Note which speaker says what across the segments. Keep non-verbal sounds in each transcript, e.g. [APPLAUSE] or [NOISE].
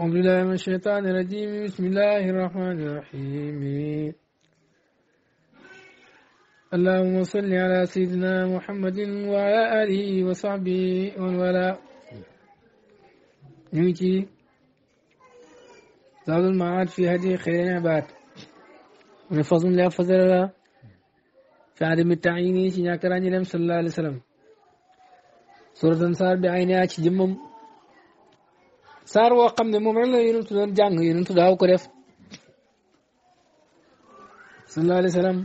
Speaker 1: أعوذ بالله من الشيطان الرجيم بسم الله الرحمن الرحيم اللهم صل على سيدنا محمد وعلى آله وصحبه ومن والاه نيجي نعم. نعم. زاد المعاد في هذه خير العباد من فضل لا فضل لا في عدم التعيين شناكراني لم صلى الله عليه وسلم سورة أنصار بعينها تجمم saar woo xam ne moom rek la yonentu doon jàng yonentu daaw ko def sallallahu alayhi wa sallam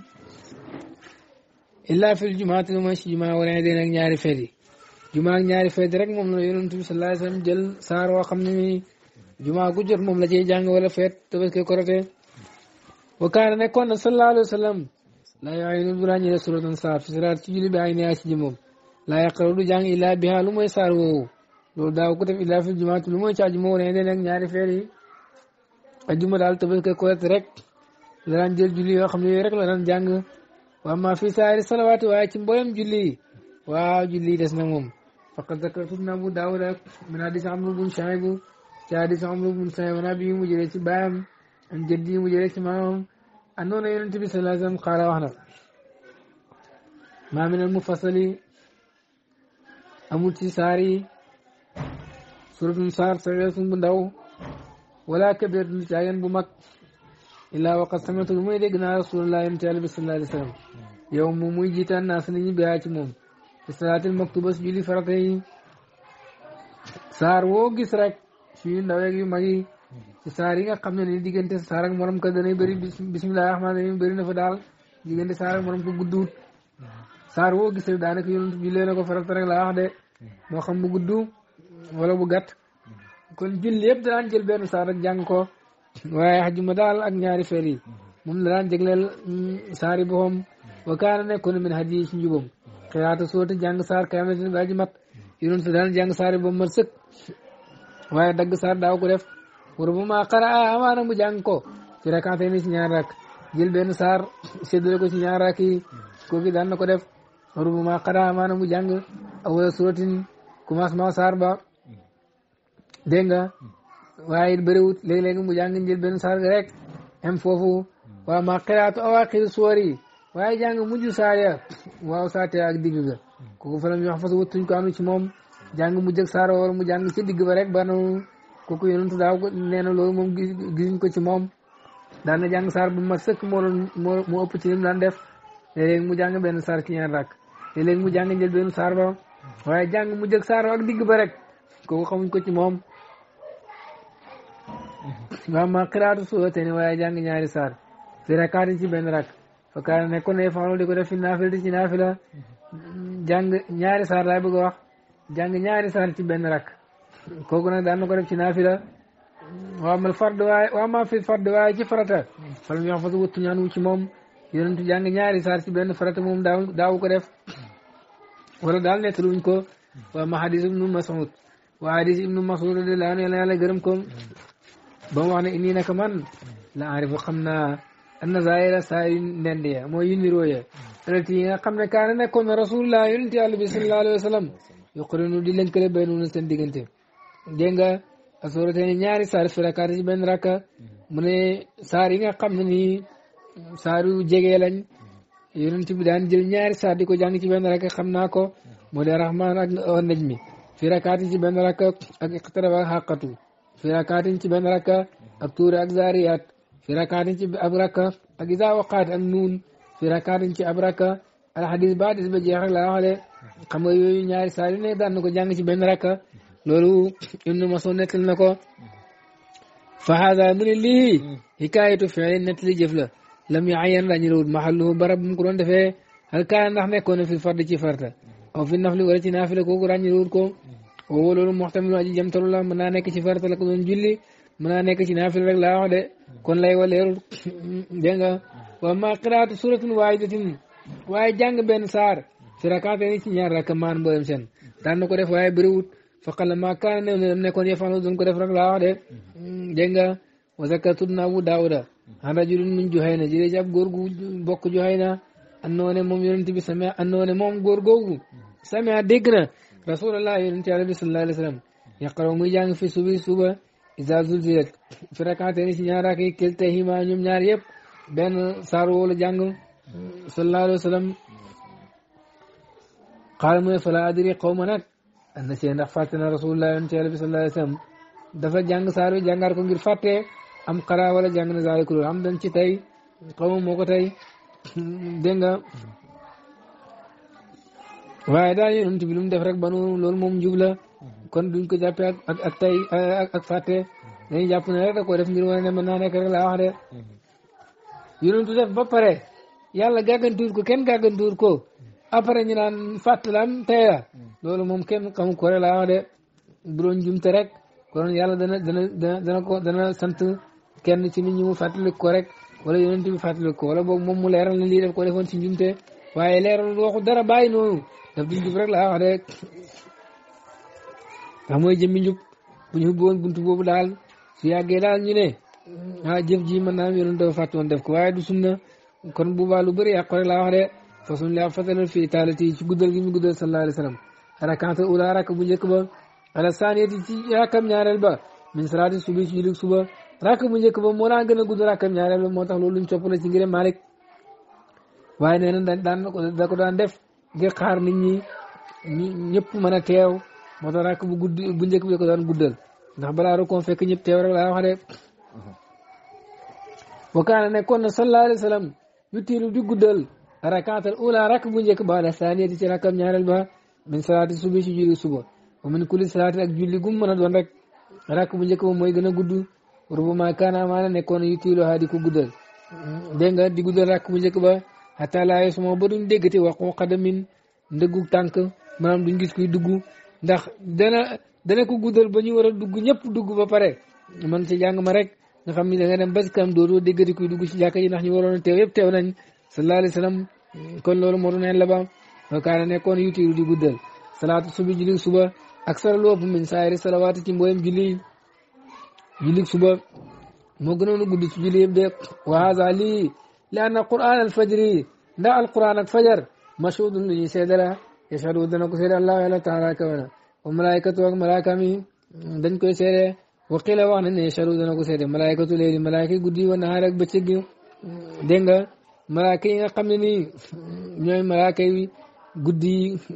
Speaker 1: illaa fil jumaati jumaa wala deen ak ñaari feet yi jumaa ak ñaari feet rek moom la yonentu bi sallallahu alayhi wa sallam jël saar woo xam ne nii jumaa gu jot moom la cay jàng wala feet tabaski nekkoon na sallallahu alayhi wa sallam laa yaa ngi du saar fi salaat ci julli bi ay ne ci jëmmam laa yaqara du jàng illaa bihaa lu mooy saar woowu lool daaw ko def illaa fi jumaati lu mooy ci àjjuma wane ne nag ñaari feer yi àjjuma daal tabaski Korite rek la daan jël julli yoo xam ne yooyu rek la daan jàng waaw maa fi saari salawaati waaye ci mboolem julli yi waaw julli des na moom faqad zakar tub na Abu Daawud ak min hadiis Amr bun Shuayb ci hadiis Amr bun Shuayb naa bi mu jëlee ci baayam an jëddi mu jëlee ci maamam andoon bi sallallahu alayhi wa maa min al mufassali amul ci saari suratum saar saweesun bu ndaw wala kabir du caagen bu mag illaa waqat samatu lu muy dégg naa rasulullah yonente yàlla bi sallallahu alayhi wa yow moom muy jiitaan naa si nit ci moom ci salaatil maktuba si julli farata yi saar woo gis rek suyu ndaw yeeg yu mag yi ci saar xam ne ni diggante saar ak morom ka danay bëri bismillahi rahmaani rahim bëri na fa daal diggante saar ak morom ko gudduut saar woo gis rek daanaka yonent ko farata rek laa wax de moo bu gudd wala bu gàtt kon julli yëpp daan jël benn saar rek jàng ko waaye xajuma daal ak ñaari fer yi moom la daan jégleel mm, saar yi boppam wa kaana nekkoon min hadi yi ci njubam xiraata sooti jàng saar kaamilatin ba aji mat yonoon si daan jàng saar yi ba mat sëkk waaye dagg saar daaw ko def wara bu a amaana mu jàng ko ci rakante ni ci ñaar rak jël benn saar séddale ko ci ñaar rak maa a saar ba dégg nga waaye it bëriwut léeg mu jàng njël benn saar ga rek am foofu waaw ma xiraatu awaaxir soor yi waaye jàng mujj saar ya waaw saate ak digg ga kooku fa la ñuy wax ko anu ci moom jàng mujj ak saar mu jàng ci digg ba rek ba noonu kooku yonentu daaw ko nee na loolu moom gisuñ ko ci moom daan na jàng saar bu ma sëkk moo doon moo moo ëpp ci lim daan def léeg-léeg mu jàng benn saar ci ñaar rakk léeg-léeg mu jàng njël benn saar ba waaye jàng mu ak saar ak digg ba rek kooku xamuñ ko ci moom waaw ma xiraatu suurate ni waaye jàng ñaari saar fi rakaatin ci benn rak fa kaana nekkoon ne faxlu di ko def fi ci naafila jàng ñaari saar laay bëgg a wax jàng ñaari saar ci benn rak ko nag daan na ko def ci naafila waaw mal fard waaye waaw maa fi fard waaye ci farata falam yox fasu wuttu ñaan wu ci moom yonentu jàng ñaari saar ci benn farata moom daaw daawu ko def wala daal nettaluñ ko waaw ma hadis ibnu Mas'ud wa hadis ibnu Mas'ud de ko ba mu wax ne nii naka man la arifu xam naa anna zaahira saa yu nend ya mooy yu niroo ya alati yi nga xam ne kaana nekkoon na rasulullah yonent yàlla bi sallallahu alayhi wa sallam yuqrinu di lënkale baynahunna seen diggante dégg nga asooratee ñaari saar fi rakkaat ci benn rakka mu ne saar yi nga xam ne nii saar yu jege lañ yonent bi daan jël ñaari saar di ko jàng ci benn rakka xam naa ko moo dee rahmaan ak najmi fi rakkaat ci benn rakka ak iqtaraba fi rakaatin ci benn rakka ak tuuri ak zaariyaat fi rakaatin ci ab rakka ak izaa waqaat ak nuun fi rakaatin ci ab rakka alxadis ba hadis ba jeex ak la waxale xam nga yooyu ñaari saa yu ne daan na ko jàng ci benn rakka loolu ma Mas'ud nettal na ko fa haada mu ne lii hikaayatu fi'li nettali jëf la lam yu'ayyan la ñu rewut mahalluhu barab bu mu ko doon defee hal kaana ndax nekkoon na fi fard ci farta aw fi nafli wala naafila kooku ràññi ko woo loolu muxtamil aji jamtalu la mën nekk ci farata la ko doon julli mën naa nekk ci naafil rek laa wax de kon lay wa leerul dégg wa ma qiraatu suratin waaye jàng benn saar fi rakaate ni ci ñaar rakk maan mboolem seen daan na ko def waaye bëriwut faqala ma kaana néew ne dem nekkoon yefano doon ko def rek laa wax de mm, dégg nga wa zakka tudd na abu daawuda an rajulin min juhayna jëlee ci ab góor gu bokk juhayna andoone moom yonent bi sama andoone moom góor googu sama dégg rasulullah yonente yàlla bi sallallahu alayhi wa sallam yaqaraw muy jàng fi subi suba isa zulzilat fi rakaatee ni si ñaar rakaa yi kel tahima ñoom ñaar yëpp benn saar woolu jàng sallallahu alayhi wa sallam qaala mu ne fala adri xaw ma nag na see ndax fàtte na rasulullah yonente yàlla bi sallallahu alayhi wa sallam dafa jàng saar wi jàngaat ko ngir fàtte am xara wala jàng na zaaliku loolu am dañ ci tey xaw ma moo ko tey [COUGHS] dégg nga waaye daal yonent bi lu mu def rek ba noonu loolu moom njub la kon duñ ko jàppee ak ak tay ak fàtte jàpp ne rek da koo def ngir wane ne mën naa nekk rek laa wax de yonentu def ba pare yàlla gàggantuur ko kenn gàggantuur ko après ñu naan fàtt laan tay la loolu moom kenn xamu ko rek laa wax de bu doon jumte rek kon yàlla dana dana dana ko dana sant kenn ci nit ñi mu fàttalik ko rek wala yonent bi fàttalik ko wala boobu moom mu leeral na lii def ko defoon ci njumte waaye leeral waxu dara bàyyi noonu daf di njub wax rek ndax mooy jëmmi njub bu ñu ubboon buntu boobu daal su yàggee daal ñu ne mm. ah jëf ji mën naa am yoon dafa fàtte def ko waaye du sunna kon bu baax lu bëri yàqu rek laa wax de façon laa fasalal fii taalati ci guddal gi mu guddal sallallahu alayhi wa sallam rakante ula rak bu njëkk ba ala saaniyati ci rakam ñaareel ba min salaati subi ci jullit suba rak bu njëkk ba moo laa gën a gudd rakam ñaareel ba moo tax loolu luñ copp ci ngir Malik waaye nee na daan da ko daan def di xaar nit ñi ñi ñëpp mën a teew moo ta rakk bu gudd bu njëkk bi ko daan guddal ndax balaa rek fekk ñëpp teew rek laa wax de wa kaana nekkoon na sallallahu alayhi wa sallam yutiilu di guddal rakaatal ula rakk bu njëkk ba la saaniyati ci rakkam ñaareel ba min salaati subi si julli suba wa min kulli salaati ak julli gum mën doon rek rakk bu jëkk ba mooy gën a gudd rubuma kaana amaana nekkoon na yutiilu haa di guddal dégg nga guddal rakk bu njëkk xataa laa yasmaw ba duñ déggati waxu xadamin ndëggu tànk maanaam duñ gis kuy dugg ndax dana dana ko guddal ba ñu war a dugg ñëpp dugg ba pare man ci jàng ma rek na xam ni da nga dem ba si kuy dugg ci jàkka ji ndax ñu waroon a teew yëpp teew nañ sallallahu alayhi wa sallam kon loolu moo doon la ba kaana nekkoon yutiiru di guddal salaatu subi julli suba ak sara lu sa min saayiri salawaati ci mboolem julli julli suba moo gënoon a gudd ci julli de wa haza lii li anna quran alfajri ndax alquran ak fajar mashhudun lu ñuy seede la yashhadu dana ko seede allahu yàlla taala kawana wa malaikatu ak malaaka mi dañ koy seede wa qila wax nañ ne yashhadu dana ko seede malaikatu léegi malaaka yi guddi wa nahaar ak bëccëg gi dégg nga malaaka yi nga xam ne nii ñooy malaaka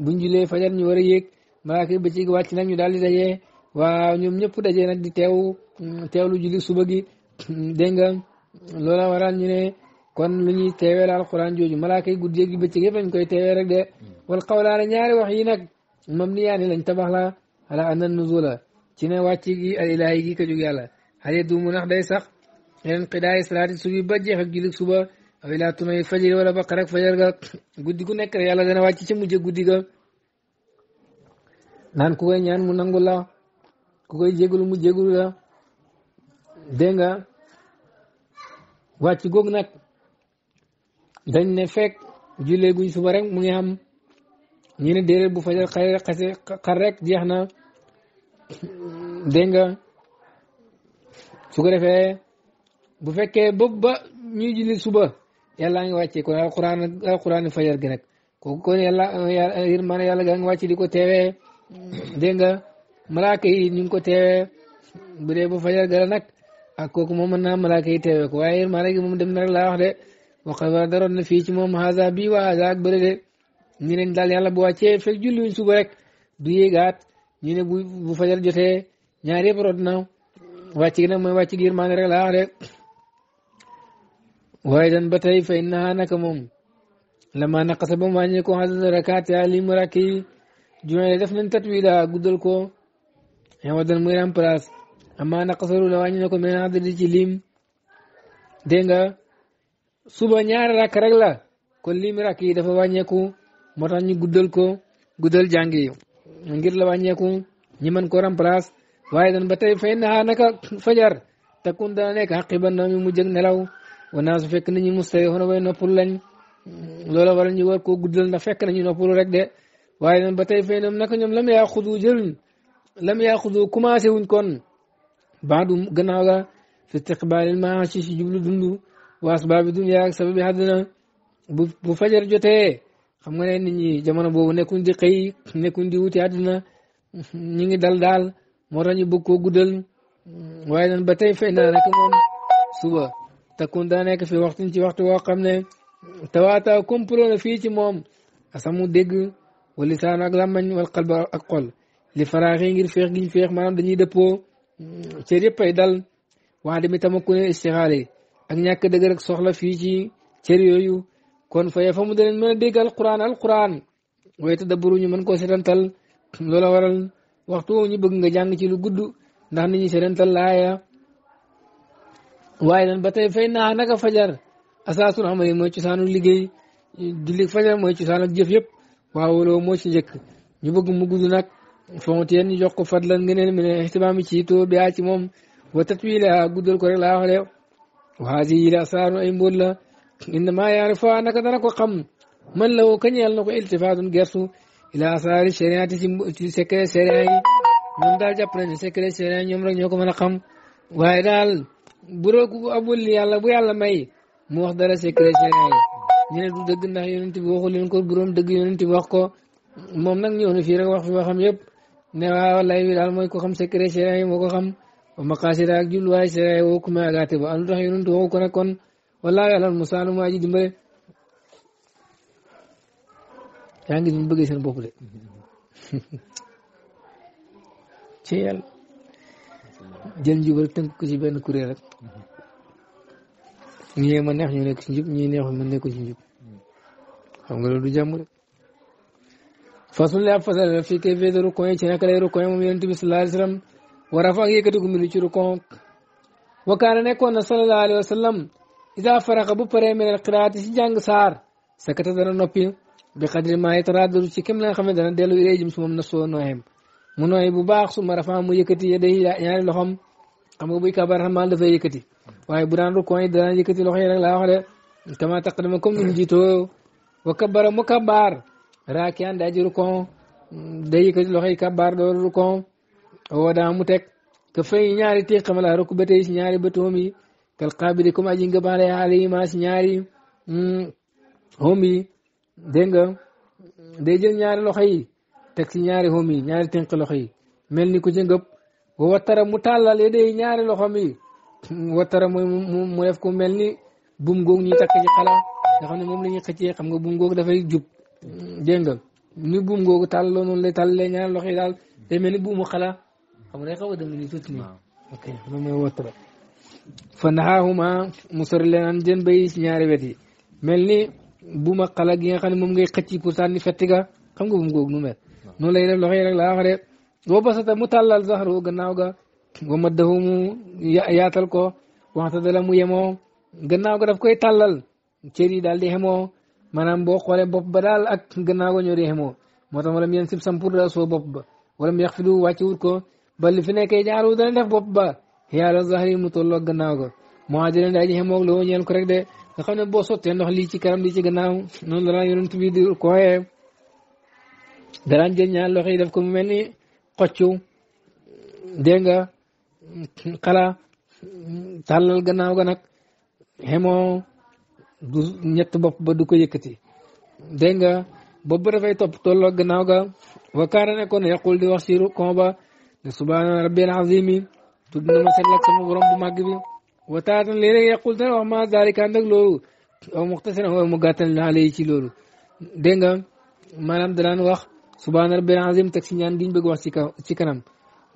Speaker 1: buñ julee fajar ñu war a yéeg malaaka yi wàcc nag ñu daal di dajee waaw ñoom ñëpp dajee nag di teew teewlu julli suba gi dégg loola waral ñu kon lu ñuy teewee la alquran jooju malaaka yi guddi gi bëccëg yëpp koy teewee rek de wal xawlaana ñaari wax yi nag moom ni yaani lañ tabax la ala anna nuzula ci ne wàcc gi al ilaahi gi ka jóg yàlla xale du nax day sax yeneen xidaay salaati subi ba jeex ak julik suba aw ilaa tunay fajiri wala ba fajar ga guddi gu nekk rek yàlla dana wàcc ci ga naan ku koy mu nangu la ku koy jégalu mu jégalu la dégg nga wàcc googu nag dañ ne fekk jullee guñ suba rek mu ngi am ñu ne déedéet bu fajar xare xase xar rek jeex na dégg nga su ko defee bu fekkee bopp ba ñuy julli suba yàlla ngi wàccee kon alquran alquran fajar gi nag kooku kon yàlla yërmande yàlla gaa ngi wàcc di ko teewee dégg nga malaaka yi ñu ngi ko teewee bu dee bu fajar ga la nag ak kooku moom mën naa malaaka yi teewee ko waaye yërmande gi moom dem na rek laa wax de waqala daroon na fii ci moom haza bii waa haza ak bëre de ñu ne daal yàlla bu wàccee fekk julliwuñ suba rek du yéegaat ñu ne bu bu fajar jotee ñaar na wàcc gi nag mooy wàcc gi yërmaande rek laa wax de waaye dan ba tey fay naa naka moom lama naqasa ba mu wàññi ko xasal rakaat yaa li mu rakk yi juróom def nañ tatwiida guddal ko xëy na dan muy remplace amma naqasaru la wàññi na ko mais naa di ci lim dégg suba ñaari rakk rek la kon liimi rakk yi dafa wàññeeku moo tax ñu guddal ko guddal jàng yi ngir la wàññeeku ñi mën ko remplace waaye dan ba tey fay naa naka [COUGHS] fajar takun dana nekk xaqi ba noo mi mu jëg nelaw wanaa su fekk nit ñi mustari xona way noppul lañ loola waral ñu war koo guddal ndax fekk nañu noppul rek de waaye dan ba tey fay noom naka ñoom lam yaa xudu jëluñ lam yaa xudu wuñ kon baadu gannaaw ga fi istiqbaalil maashi jublu dundu waa asbaabi dunya sababi àddina bu bu fajar jotee xam nga ne ni ñi jamono boobu nekkuñ di xëy nekkuñ di wuti àddina ñi ngi dal daal moo tax ñu bëgg koo waaye nan ba tey fay naa rek moom suba takun daa nekk fi waxtuñ waxtu woo xam ne tawaata complot na fii ci moom asamu dégg wala lisaan ak làmmañ wal qalba ak xol li faraax yi ngir feex giñ feex maanaam dañuy dëppoo cër yëpp ay dal wax demi tamakku ne ak ñàkk dëgër ak soxla fii ci cër yooyu kon fa yafamu danañ mën a dégg alquran alquran way tadabburu ñu mën koo setantal loola waral waxtu woo ñu bëgg nga jàng ci lu gudd ndax nit ñi setantal laaya waaye nag ba tey fay naa naka fajar asaasul amali mooy cosaanu liggéey julli fajar mooy cosaan ak jëf yëpp waaw loolu moo ci njëkk ñu bëgg mu gudd nag fonteen ñu jox ko fadlan ngeen ne mi ne moom wa tatwiila guddal ko rek laa waxale waasi yi la asaaru ay mbóot la innama yaarifa naka dana ko xam man la woo kañ yàlla na ko iltifaatun gertu ila asaari shariati ci secret sharia yi ñoom daal jàpp nañu secret sharia ñoom rek ñoo ko mën a xam waaye daal bu rek abul yàlla bu yàlla may mu wax dara secret sharia yi ñu ne du dëgg ndax yonent bi waxu leen ko dëgg yonent bi wax ko moom nag ñëw na fii rek wax fi waxam yëpp ne waa wallaay bi daal mooy ko xam secret sharia yi ko xam wa maqaasida ak jubluwaay siraay woo kuma agaate ba am tax yonent woo ko nag kon wallaahi alal musaanu maa ji dimbale yaa ngi ñu bëggee seen bopp de ci yàlla jël njub rek tënk ko ci benn kuréel rek ñii ma neex ñu nekk ci njub ñii neexul ma nekkul ci njub fasul la fasal fi kay fee de rukoy ci naka lay rukoy moom yonent bi sallallahu alayhi wasallam waraaf ak yëkkatiku minu ci rukon wa kaana nekkoon na sallallahu alayhi wa sallam ida faraxa bu paree mel xiraat yi ci jàng saar sakata dana noppi bi xadri maa yi taraaduru ci kem la nga ne dana dellu ilay jëm su moom na soo nooyem mu nooy bu baax su ma rafaa mu yëkkati ya day ñaari loxom xam nga buy kabar xamal dafay yëkkati waaye bu daan rukon yi dana yëkkati loxo yi rek laa wax de kama taqdama comme ni mu jiitoo wa kabara mu kabaar raakiyan daa ji rukon day yëkkati loxo yi kabaar door rukon woo daa mu teg ka fay ñaari téqam la rek ba tey si ñaari bëtoom yi kal xaabidi comme aji nga baale alima si ñaari xom mm, yi dégg nga jël ñaari loxo yi teg si ñaari xom yi ñaari tënk loxo yi mel ni ku ci ngëb watara mu tàllal ñaari loxom yi watara mooy mu def ko mel ni bum goog takk ci xala nga xam ne moom la ñuy xëccee xam nga bum goog dafay jub dégg nga ni bum lay tàllalee ñaari loxo yi daal day mel ni buumu xala xam nga day xaw a dem nii tuuti nii. ok loolu mooy wott fa naxaahuma mu sori leen an jën bay wet yi mel ni bu ma xala gi nga xam ne moom ngay xëcc pour sànni fetti ga xam nga bu mu góog nu mel. noonu lay def loxo yi rek laa wax de boo basata mu tàllal zaxaru gannaaw ga wa maddahu mu yaatal ko waxta dala mu koy tàllal cër yi daal di yemoo maanaam boo xoolee bopp ba daal ak gannaaw ga ñoo di yemoo moo tax wala mu sib sampur la soo bopp wala mu fi du wàcce wut ba li fi nekkee jaaru dana def bopp ba yàlla zahri mu tolloo gannaaw ga muhajirin daaji xemoog la ñeel ko rek de nga xam ne boo sottee ndox lii ci kanam lii ci gannaaw noonu la daan yonent bi di kooyee daraan yi def ko mu mel ni xoccu nga xala tàllal gannaaw bopp ba ko yëkkati dégg nga bopp ba topp tolloo gannaaw ga wa kaara nekkoon yaqul di wax si rukkon ba ne subhaana rabbil azimi tudd na ma sellak sama borom bu màgg bi wa taatan léeg-léeg yaqul dana wax ma zalika ànd ak loolu aw muxtasiran wala mu gàttal naa lay ci loolu dégg nga maanaam danaan wax subhaana rabbil azim teg si ñaan gi ñu bëgg wax ci ci kanam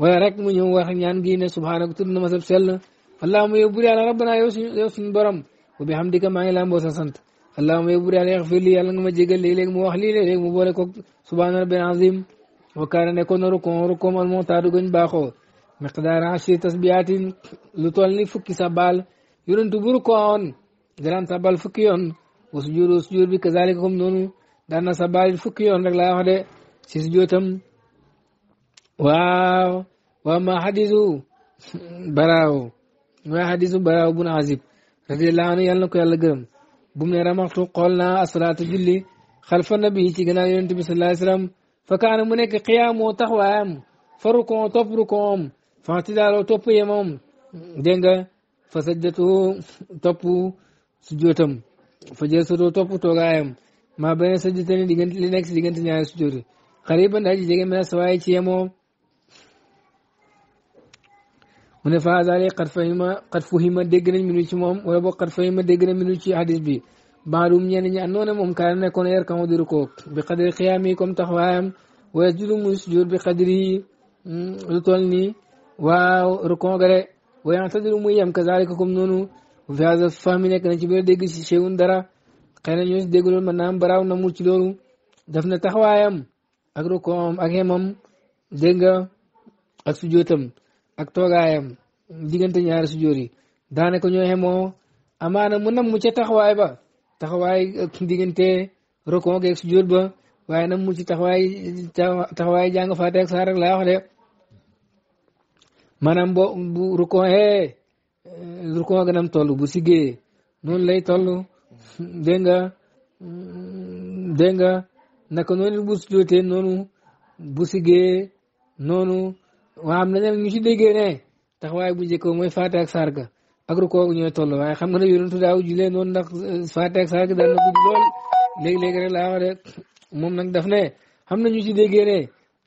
Speaker 1: wala rek mu ñëw wax ñaan gi ne subhaanaka tudd na ma sab sell allahuma yow bur yàlla rabbana yow suñu yow suñu borom wa bi hamdika maa ngi lamboo sa sant allahuma yow bur yàlla yaxfir li yàlla nga ma jégal léeg-léeg mu wax lii léeg-léeg mu boole koog subhaana rabbil azim wakkaana nekkoon na rukkoon rukkoom al montaadu gañ baaxoo miqdaar ashri tasbihaatin lu toll ni fukki sabal yonentu bu rukkoowoon danaan sabal fukki yoon wa sujuud sujuud bi kazalika comme noonu daan na fukki yoon rek laa wax de si sujootam waaw waaw ma baraaw ma hadisu baraaw bun azib radiyallahu anhu yàlla na ko yàlla gërëm bu mu ne ramaxtu xool naa asalaatu xalfa nabi ci gannaaw yonent bi sallallahu alayhi wasallam fakaana mu nekk xiyaamoo taxawaayam farukon topp rukoom fantidaaloo topp yemam dégg nga fa sajdatoo topp sujjootam fa jësatoo topp toogaayam maa benn sajdatani diggante li nekk si diggante ñaari sujjooti xariban aji jege mel sawaay ci yemoo mu ne fa daal xat fahima xat fuhima dégg nañ minu ci moom wala boog xat fahima dégg nañ minu ci hadis bi baalum ñenn ñi àndoon ne moom kaay nekkoon yarkamu di rukkoo bi xadri xiyaam yi comme taxawaayam waaye judu muy sujud bi xadri mm, lu toll nii waaw rukkoo ga de waaye antadiru muy yem kazalika comme noonu fi hada fahmi nekk na ci biir dégg si cheyun dara xëy na ñoo si dégg loolu mën naa am baraaw na mu ci loolu daf na taxawaayam ak rukkoom ak yemam dégg nga ak sujootam ak toogaayam diggante ñaari sujoor yi daanaka ñoo yemoo amaana mu nam mu ca ba taxawaay diggante rokon geeg sujjóot ba waaye nag mu ci taxawaay taxawaay jàng faate ak saar rek wax de maanaam bo bu rokon hee bu siggee noonu lay toll dégg nga naka noonu bu sujjóotee noonu bu siggee noonu waa am na ñu ci déggee ne taxawaay bu njëkk faate ak saar ga agro ko ñooy tollu way xam nga yoonu yonentu daaw julee noonu ndax faateeg saak daan na gudd lool léegi leg rek laa wax de moom nag daf né xam nañu ci déggé né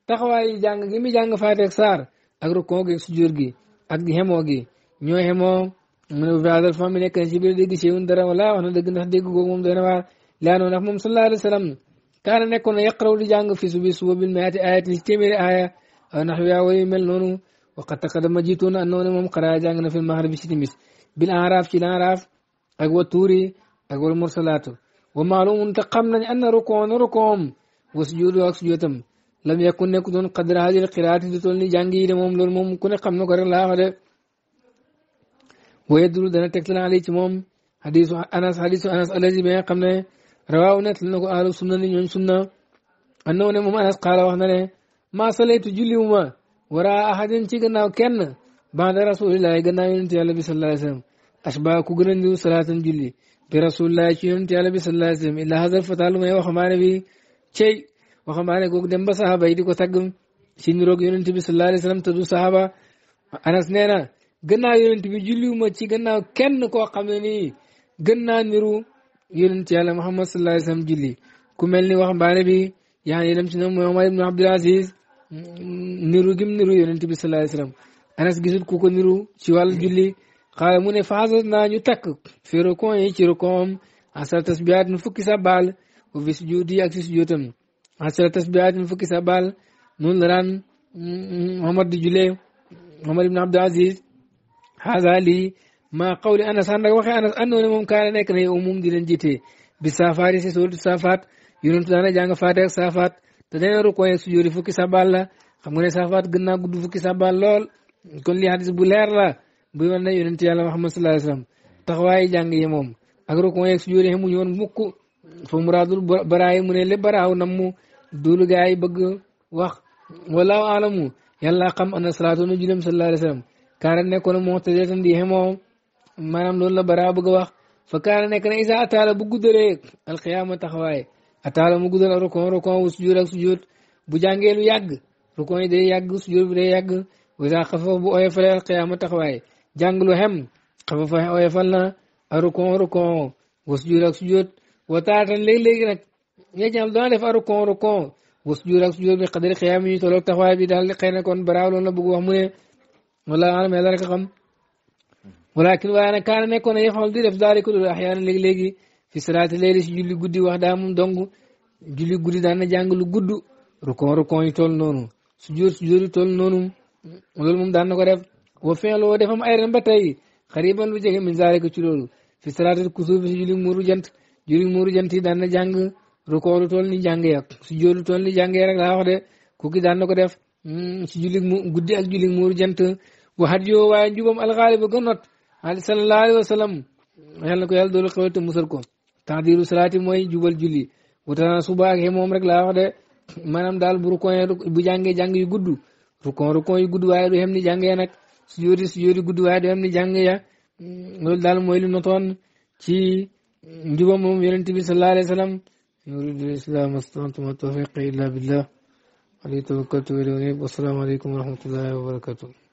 Speaker 1: taxaway jang gi mi jang jàng faateeg saar agro ko gi sujjóot gi ak gi hemo gi ñooy hemo mu ne biadal fam mi nekk ci bi dégg ci siwun dara wala wax na dëgg ndax dégg googu mom dana war laa noonu ndax moom sallallahu alayhi wasallam sallam kaana nekkoon na yaqraw di jàng fi subi suba bil maati ayati ni ci téeméeri aaya ndax yaa way mel noonu وقد تقدم جيتون أنه نمهم قراءة جانغنا في المغرب سنمس بالأعراف في الأعراف أقوى توري أقوى المرسلات ومعلوم انتقمنا أن ركوان ركوعهم وسجود وسجودهم لم يكن نكون قدر هذه القراءة تتولني جانجي لمهم للمهم كن قمنا قرر الله غدا ويدلو دنا تكتلنا عليه تمام حديث أنس حديث أنس الذي بيان قمنا رواه نتلنا أهل السنة نيون سنة أنه نمهم أنس قال وحنا ما صليت جلي وما wara ahadin ci gannaaw kenn banda rasulillahi gannaaw yonent yàlla bi sallallahu alayhi wasallam asbaa ku gën a ñëw salaatan julli bi rasulillahi ci yonent yàlla bi sallallahu wasallam illa hazal fataa lu may waxambaane bi cey waxambaane googu dem ba saxaaba yi di ko tagg ci niroog yonent bi sallallahu alayhi wasallam te du saxaaba anas nee na gannaaw yonent ci gannaaw kenn koo xam ne nii gën naa niru yonent yàlla muhammad sallallahu wasallam julli ku mel ni niru gim niru yonent bi sallallahu alayhi wasallam anas gisul ku ko niru ci wàllu julli xaala mu ne faasas naa ñu takk fi rokon yi ci rokom asara tasbihaat nu fukki sa baal wa fi sujudi ak sa baal noonu la mm, Muhammad di Muhammad ibn Abdul Aziz haza maa qawli anas ànd ak waxe anas àndoon ne moom kaana nekk na yow moom di leen jiite bi saafaar yi si sóoratu saafaat yonentu daana te day waru koy sujjóot fukki sabal la xam nga ne safaat gën naa gudd fukki sabal lool kon li hadis bu leer la buy wan ne yonent yàlla Muhammad sallallahu alayhi wa yi moom ak rukon yeeg sujjóot mukk fa muraadul baraayi mu ne lépp baraaw nam mu duulu yi bëgg wax walaahu alamu yàlla xam ana salaatu nu julem sallallahu alayhi wa sallam kaana nekkoon moo tëjee tan di la baraaw bëgg wax fa kaana nekk na isa ataala bu guddalee alxiyaama taxawaay ataala mu guddal rukon rukon wu sujud ak sujud bu jàngee lu yàgg rukon yi day yàgg sujud bi day wa za khafa bu oyofalee alqiyaama taxawaay jàng lu hem khafa fa oyofal na rukon rukon wu sujud ak sujud wa ta tan leeg nag ñee ye jam do def rukon rukon wu sujud ak sujud bi qadri qiyam yi ñu tolloog bi dal xëy kon baraaw lo na bu wax mu ne wala ala yàlla rek a xam ولكن وانا كان نكون يفعل na yefal di def daal di ko fi salaati leeli si julli guddi wax daa moom dong julli guddi daan jàng lu gudd rukon rukon yi toll noonu sujjóot sujjóot yi noonu loolu moom daan na ko def wa fenloo defam ay ren ba tey xariban lu jege min zaalika ci loolu fi salaatil kusuufi si julli muuru jant julli muuru jant yi daan jàng rukon lu toll ni jàng yak sujjóot lu toll ni jàng yak rek wax de kooku daan ko def hmm, si julli mu guddi ak julli muuru jant waxat yoo waaye njubam alxaali ba not sallallahu alayhi wa na ko yàlla doolu xewete ko taadiru salaati mooy jubal julli wutana suba ak moom rek la wax de maanaam daal bu rukkoon bu jàngee jàng yu gudd rukkoon rukkoon yu gudd waaye du xam ni jàng ya nag sujoodi sujoodi gudd waaye du xam ni jàng ya mm, loolu daal mooy li notoon ci njubam moom yonent bi sallallahu alayhi wa sallam nuridu islam astantu ma tawfiqi illa billah alayhi tawakkaltu wa ilayhi wassalaamu aleykum wa rahmatullahi wa barakatuh